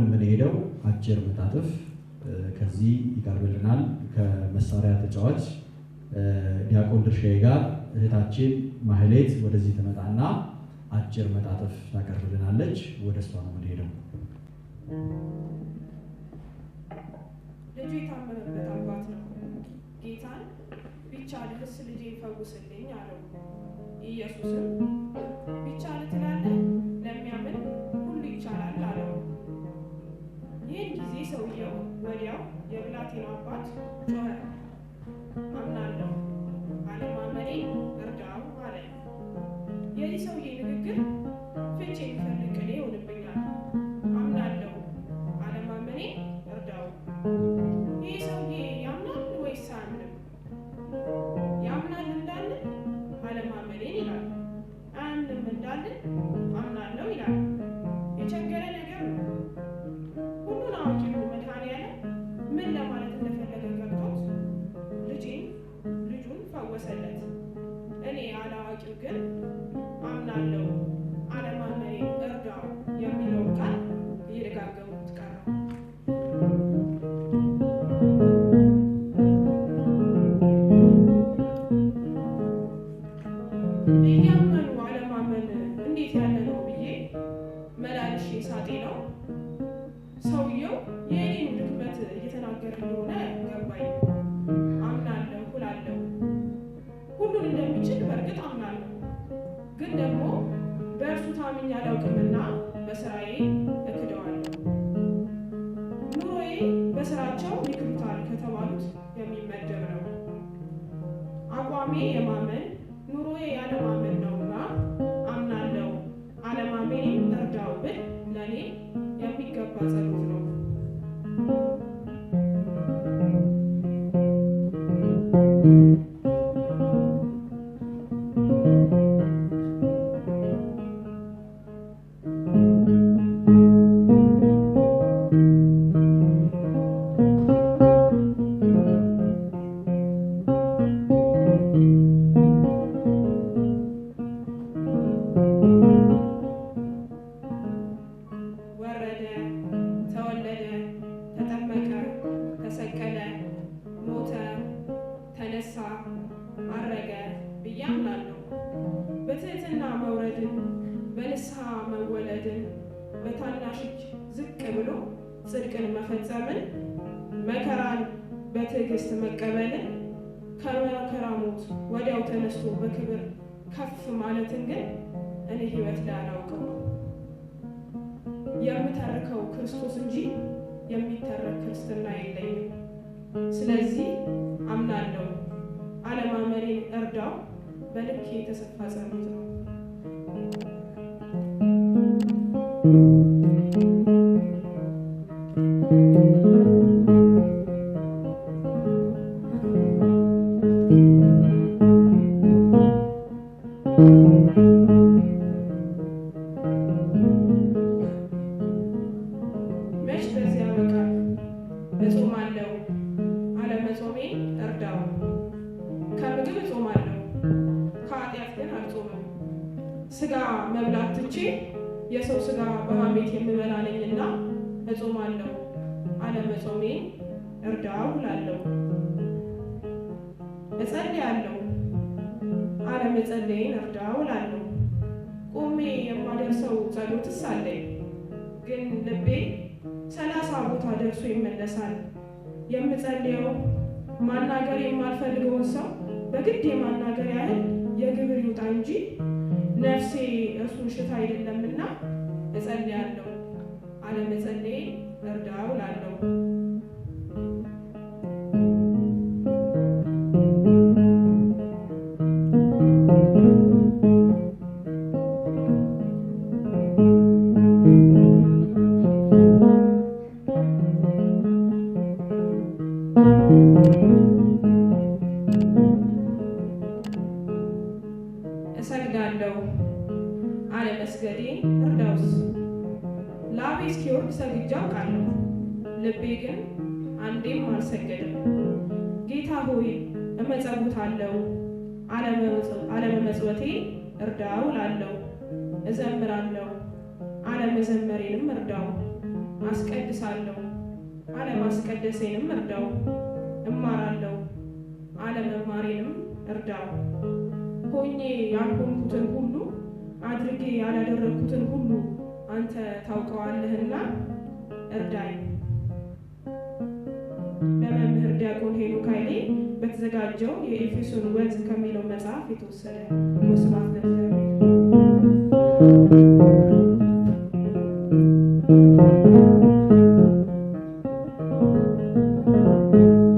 አሁን የምንሄደው አጭር መጣጥፍ ከዚህ ይቀርብልናል። ከመሳሪያ ተጫዋች ዲያቆን ድርሻዬ ጋር እህታችን ማህሌት ወደዚህ ትመጣና አጭር መጣጥፍ ታቀርብልናለች። ወደ እሷ ነው የምንሄደው። ልጁ የታመመበት አባት ነው። ጌታን ቢቻልህስ ልጄ ፈውስልኝ አለው። ኢየሱስም ቢቻልህ ትላለህ ሰውየው ወዲያው የብላቴናው አባት ጮኸ፣ አምናለሁ፣ አለማመኔን እርዳው አለ። የዚህ ሰውዬ ንግግር ፍች እያመኑ አለማመን እንዴት ያለ ነው ብዬ መላልሼ ሳጤ ነው ሰውየው የእኔን ድክመት እየተናገረ እንደሆነ ገባኝ። አምናለሁ፣ ሁላለሁ፣ ሁሉን እንደሚችል በእርግጥ አምናለሁ። ግን ደግሞ በእርሱ ታምኜ አላውቅምና በስራዬ Mm-hmm. አረገ ብዬ አምናለሁ። በትህትና መውረድን፣ በንስሐ መወለድን፣ በታናሽ እጅ ዝቅ ብሎ ጽድቅን መፈጸምን፣ መከራን በትዕግስት መቀበልን፣ ከመከራ ሞት ወዲያው ተነስቶ በክብር ከፍ ማለትን ግን እኔ ህይወት ላይ የምተርከው ክርስቶስ እንጂ የሚተረክ ክርስትና የለኝም። ስለዚህ አምናለሁ። አለማመኔን እርዳው። በልክ የተሰፋ ጸሎት ነው። ስጋ መብላት ትቼ የሰው ስጋ በሐሜት የምበላ ነኝና እጾማለሁ፣ አለመጾሜን እርዳው እላለሁ። እጸልያለሁ፣ አለመጸለይን እርዳው እላለሁ። ቆሜ የማደርሰው ጸሎትስ አለኝ፣ ግን ልቤ ሰላሳ ቦታ ደርሶ ይመለሳል። የምጸልየው ማናገር የማልፈልገውን ሰው በግድ የማናገር ያህል የግብር ይውጣ እንጂ ነፍሴ እርሱን ሽታ አይደለምና እጸልያለሁ፣ አለመጸለዬ እርዳው እላለሁ። ፈዳውስ ላቤ እስኪወርድ ሰግጄ አውቃለሁ፣ ልቤ ግን አንዴም አልሰገድም። ጌታ ሆይ እመጸውታለሁ፣ አለመመጽወቴ እርዳው እላለሁ። እዘምራለሁ፣ አለመዘመሬንም እርዳው። አስቀድሳለሁ፣ አለማስቀደሴንም እርዳው። እማራለሁ፣ አለመማሬንም እርዳው። ሆኜ ያልሆንኩትን ሁሉ አድርጌ ያላደረግኩትን ሁሉ አንተ ታውቀዋለህና እርዳኝ። በመምህር ዲያቆን ሄኖክ ኃይሌ በተዘጋጀው የኤፌሶን ወዝ ከሚለው መጽሐፍ የተወሰደ ስብሐት